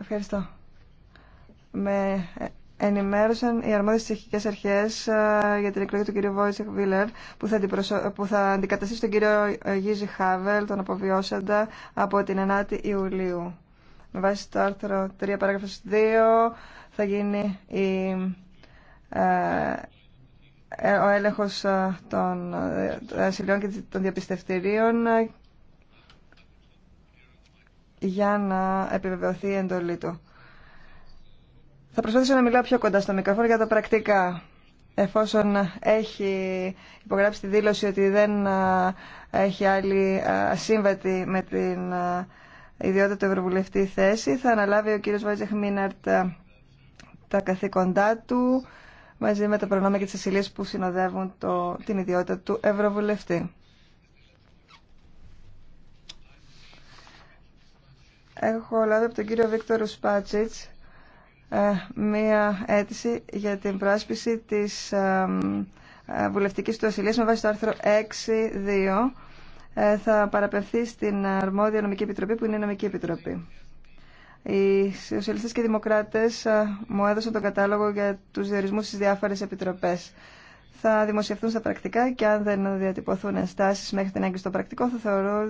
Ευχαριστώ. Με ενημέρωσαν οι αρμόδιες τσεχικές αρχές ε, για την εκλογή του κ. Βόησεκ Βίλερ που θα, θα αντικαταστήσει τον κύριο Γίζη Χάβελ, τον αποβιώσαντα, από την 9η Ιουλίου. Με βάση το άρθρο 3 παράγραφος 2 θα γίνει η... Ε, ε, ο έλεγχος των ασυλιών και των διαπιστευτηρίων για να επιβεβαιωθεί η εντολή του. Θα προσπαθήσω να μιλάω πιο κοντά στο μικρόφωνο για τα πρακτικά. Εφόσον έχει υπογράψει τη δήλωση ότι δεν έχει άλλη σύμβατη με την ιδιότητα του Ευρωβουλευτή θέση, θα αναλάβει ο κύριος Βάζεχ Μίναρτ τα καθήκοντά του μαζί με τα προνόμια και τις ασυλίες που συνοδεύουν την ιδιότητα του Ευρωβουλευτή. έχω λάβει από τον κύριο Βίκτορ Σπάτσιτς ε, μία αίτηση για την πράσπιση της ε, ε, βουλευτικής του ασυλίας με βάση το άρθρο 6.2 θα παραπευθεί στην αρμόδια νομική επιτροπή που είναι η νομική επιτροπή. Οι σοσιαλιστές και οι δημοκράτες μου έδωσαν τον κατάλογο για τους διορισμούς στις διάφορες επιτροπές. Θα δημοσιευθούν στα πρακτικά και αν δεν διατυπωθούν ενστάσεις μέχρι την έγκριση στο πρακτικό θα θεωρώ